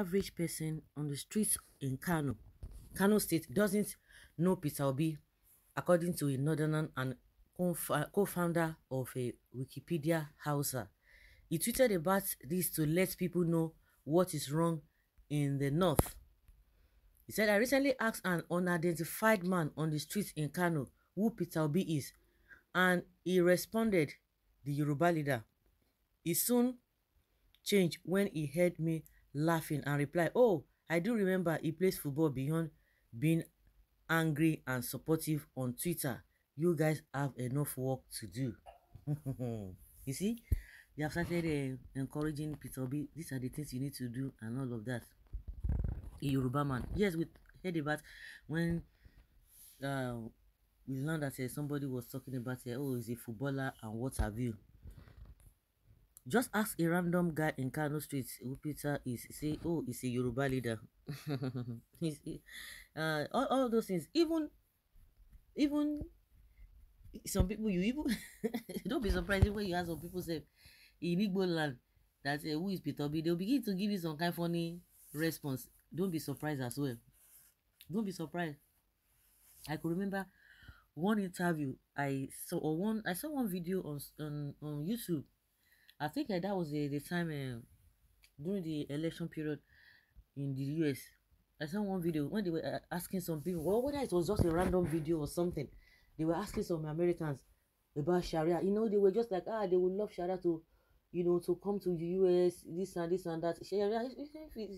average person on the streets in Kano, Kano State, doesn't know Peter Obi, according to a northern and co-founder of a Wikipedia Hausa. He tweeted about this to let people know what is wrong in the north. He said, I recently asked an unidentified man on the streets in Kano who Peter Obi is, and he responded, the Yoruba leader. He soon changed when he heard me laughing and reply, Oh, I do remember he plays football beyond being angry and supportive on Twitter. You guys have enough work to do. you see, you have started uh, encouraging Peter B. These are the things you need to do and all of that. A Yoruba man. Yes, we heard about when uh, we learned that uh, somebody was talking about, uh, oh, he's a footballer and what have you. Just ask a random guy in Kano Street who Peter is. Say, oh, he's a Yoruba leader. he's, uh, all, all those things. Even, even some people, you even don't be surprised when you ask some people say in Igbo land that uh, who is Peter B. They'll begin to give you some kind of funny response. Don't be surprised as well. Don't be surprised. I could remember one interview I saw or one I saw one video on on, on YouTube I think uh, that was the, the time uh, during the election period in the US. I saw one video when they were uh, asking some people, well, whether it was just a random video or something, they were asking some Americans about Sharia. You know, they were just like, ah, they would love Sharia to, you know, to come to the US, this and this and that. Sharia,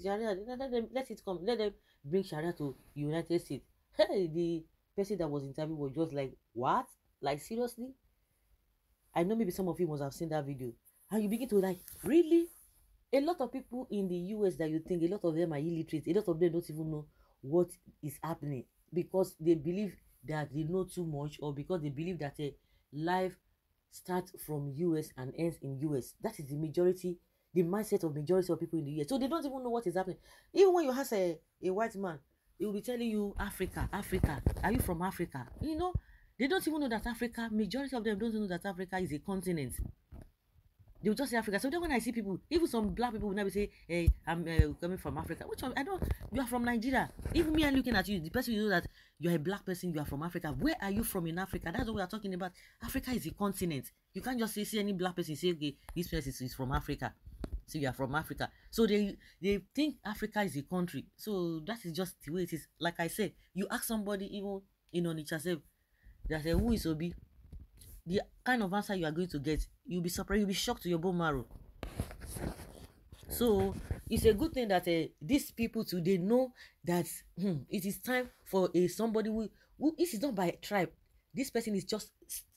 Sharia, let them, let it come, let them bring Sharia to United States. Hey, the person that was interviewed was just like, what? Like seriously? I know maybe some of you must have seen that video and you begin to like really a lot of people in the US that you think a lot of them are illiterate a lot of them don't even know what is happening because they believe that they know too much or because they believe that a eh, life starts from US and ends in US that is the majority the mindset of majority of people in the US so they don't even know what is happening even when you ask a, eh, a white man he will be telling you Africa Africa are you from Africa you know they don't even know that Africa majority of them don't know that Africa is a continent they will just say Africa. So then when I see people, even some black people will be say, "Hey, I'm uh, coming from Africa." Which one? I don't. You are from Nigeria. Even me, I'm looking at you. The person you know that you are a black person. You are from Africa. Where are you from in Africa? That's what we are talking about. Africa is a continent. You can't just say see any black person say, "Okay, this person is, is from Africa." So you are from Africa. So they they think Africa is a country. So that is just the way it is. Like I said, you ask somebody even in Onitsha, they say, "Who is Obi?" the kind of answer you are going to get you'll be surprised you'll be shocked to your bone marrow so it's a good thing that uh, these people today know that hmm, it is time for a somebody who, who this is not by tribe this person is just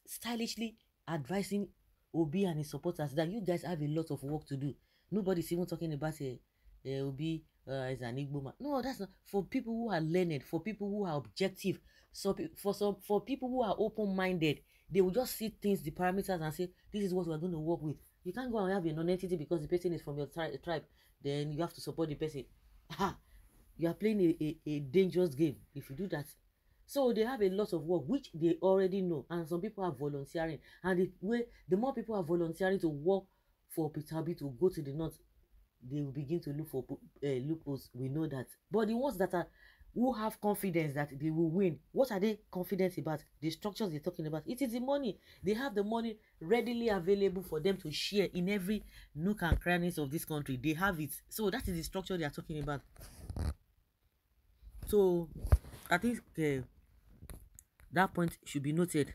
stylishly advising obi and his supporters that you guys have a lot of work to do nobody's even talking about uh, uh, obi uh, is an igbo man no that's not for people who are learned for people who are objective so for some for people who are open-minded they will just see things, the parameters, and say, this is what we are going to work with. You can't go and have a non-entity because the person is from your tri- tribe. Then you have to support the person. Ha! You are playing a, a, a dangerous game if you do that. So they have a lot of work which they already know, and some people are volunteering. And the way the more people are volunteering to work for Peter to go to the north, they will begin to look for uh, loopholes. We know that. But the ones that are who have confidence that they will win. What are they confident about? The structures they're talking about. It is the money. They have the money readily available for them to share in every nook and crannies of this country. They have it. So that is the structure they are talking about. So I think uh, that point should be noted.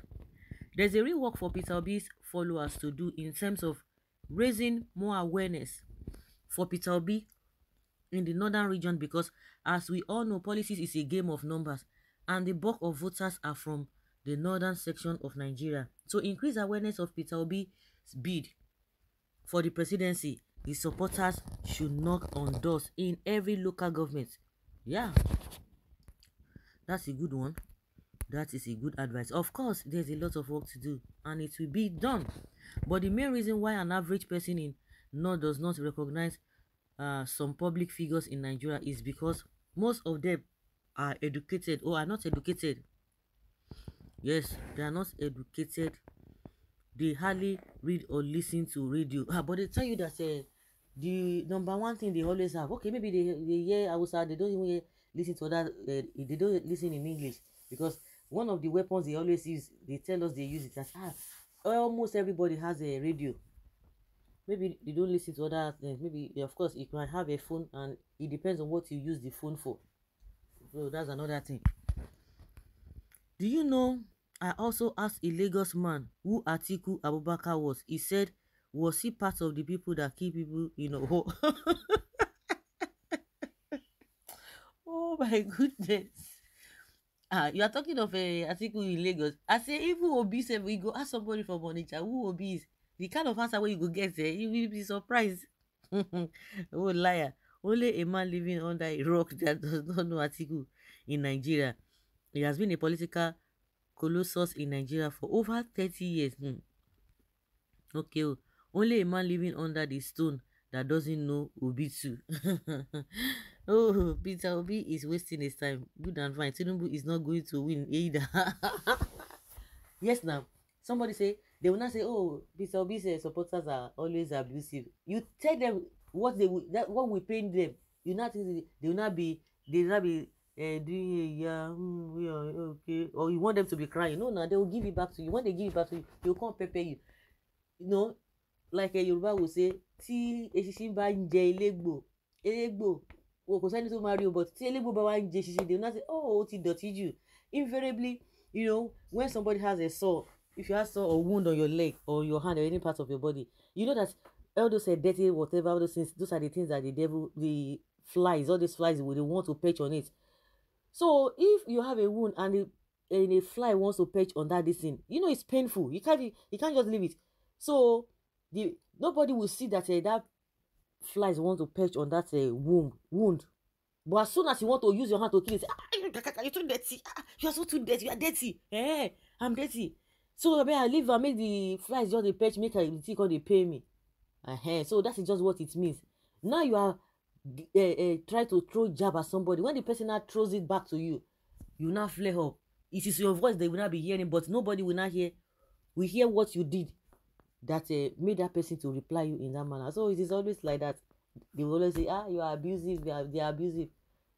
There's a real work for Peter Obi's followers to do in terms of raising more awareness for Peter Obi in the northern region because, as we all know, policies is a game of numbers, and the bulk of voters are from the northern section of Nigeria. So, increase awareness of Peter Obi's bid for the presidency. His supporters should knock on doors in every local government. Yeah, that's a good one. That is a good advice. Of course, there's a lot of work to do, and it will be done. But the main reason why an average person in North does not recognize Uh, some public figures in Nigeria is because most of them are educated or are not educated. Yes, they are not educated. They hardly read or listen to radio. Ah, but they tell you that uh, the number one thing they always have. Okay, maybe they they hear Hausa, they don't even listen to that. Uh, eh, they don't listen in English because one of the weapons they always use, they tell us they use it as ah, almost everybody has a radio maybe you don't listen to other things maybe of course you can have a phone and it depends on what you use the phone for so that's another thing do you know i also asked a lagos man who atiku abubakar was he said was he part of the people that kill people you know oh my goodness ah you are talking of uh, atiku in lagos i say even obi sef we go ask somebody from onitsha who obi is the kind of answer wey you go get there eh, you will be surprised oh liar only a man living under a rock that does not know Atiku in Nigeria he has been a political colossus in Nigeria for over thirty years hmm. okay o oh. only a man living under the stone that doesn't know Obi too oh Peter Obi is wasting his time good and fine Tinubu is not going to win either yes na somebody say they will not say oh Mr. Obi's supporters are always abusive you tell them what they will that what we pain them you not they will not be they will not be uh, doing yeah mm, we are okay or you want them to be crying no na they will give it back to you when they give it back to you they will come pepper you you know like a eh, Yoruba will say tí eṣinṣin bá ń jẹ elégbò elégbò o kò sẹ́ni tó máa rí o but tí elégbò bá wá ń jẹ eṣinṣin they will not say oh o ti dọ̀tí jù invariably you know when somebody has a sore if you have saw a wound on your leg or your hand or any part of your body you know that all those are dirty whatever all those things those are the things that the devil the flies all these flies would want to perch on it so if you have a wound and a, and a fly wants to perch on that this thing you know it's painful you can't you can't just leave it so the nobody will see that uh, that flies want to perch on that uh, wound wound but as soon as you want to use your hand to kill it ah, you're too dirty ah, you're so too dirty you are dirty hey, i'm dirty so abi i leave am make the flies just dey perch make i the thing come dey pay me uh -huh. so that is just what it means now you are uh, uh, try to throw jab at somebody when the person now throws it back to you you now flare up it is your voice they will not be hearing but nobody will not hear we hear what you did that uh, made that person to reply you in that manner so it is always like that they will always say ah you are abusive they are, they are abusive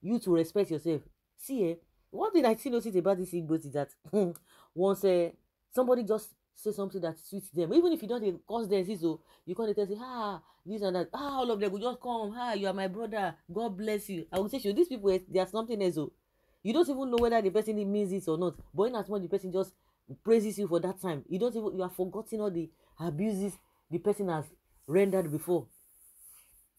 you to respect yourself see eh one thing i still notice about this igbo is that once eh somebody just say something that suits them even if you don't dey cause them see so oh, you come dey tell say ah this and that ah all of them go just come ah you are my brother god bless you i go say to you, these people they are something else o oh? you don't even know whether the person means it or not but in as much the person just praises you for that time you don't even you are forgetting all the abuses the person has rendered before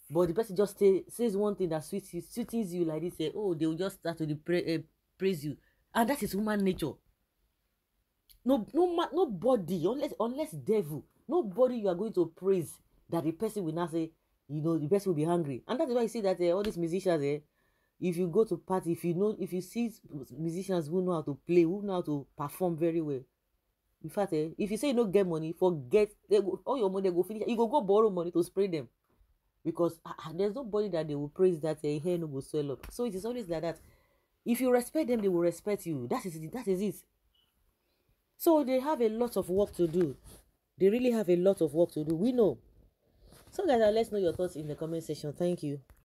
but the person just say says one thing that suits you suits you like this say eh, oh they will just start to dey pra uh, praise you and that is human nature no no ma nobody unless unless devil nobody you are going to praise that the person will now say you know the person will be hungry and that's why you see that uh, all these musicians eh if you go to party if you know if you see musicians who know how to play who know how to perform very well in fact eh if you say you no get money forget they go all your money go finish you go go borrow money to spray them because ah uh, there's nobody that they will praise that eh hair no go swell up so it is always like that if you respect them they will respect you that is it that is it So they have a lot of work to do. They really have a lot of work to do. We know. So guys, let's know your thoughts in the comment section. Thank you.